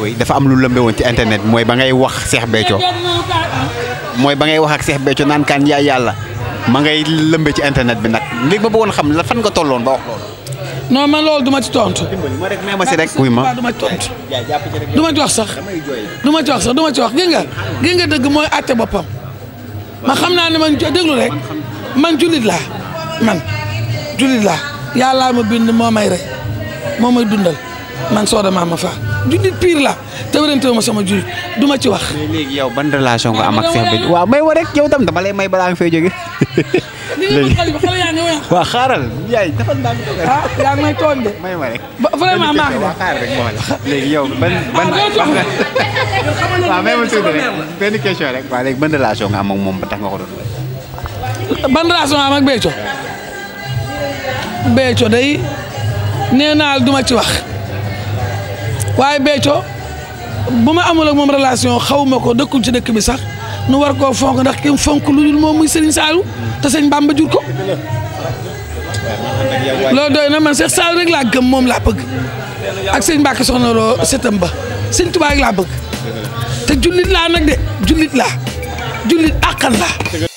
oui dafa am lu lëmbe woon ci internet mooy ba ngay wax Cheikh Béthio mooy ba ngay wax ak Cheikh Béthio naan kaan yaay yàlla ma ngay lëmbe ci internet bi nag léegi ma bëggoon xam la fan nga tolloon ba wax loolu. non man ma ci tontu. ma rek ma si rek. oui ma du ma ci tontu. du ma ci wax sax. ci wax sax du ma dëgg mooy àtte boppam. ma xam naa ne man déglu rek man jullit laa man jullit laa yàllaa ma bind moo may rey moo may dundal man soo ma faa. jullit pire la te wérante ma sama du ma ci wax. léegi yow ban relation nga am wa rek yow tam dama may balaa nga fay jóge. léegi waaw xaaral yaay ah, may tooñ de. may ma yow ban ban. Ah, waaw may ma tuuti benn question rek. waaw léegi ban relation nga moom ba tax nga ko doon. ban relation am ak day nee naa duma ci wax. waaye Béthio bu ma amul ak moom relation xawuma ko dëkkul ci dëkk bi sax nu war koo fonk ndax ki fonk lu dul moom muy Serigne Saliou te sëñ ba jur ko loolu doy na man Cheikh Saliou rek laa gëm moom laa bëgg ak sëñ Mbacke soxna loo setam ba sëñ Tuubaa rek laa bëgg te jullit laa nag de jullit laa jullit àqan laa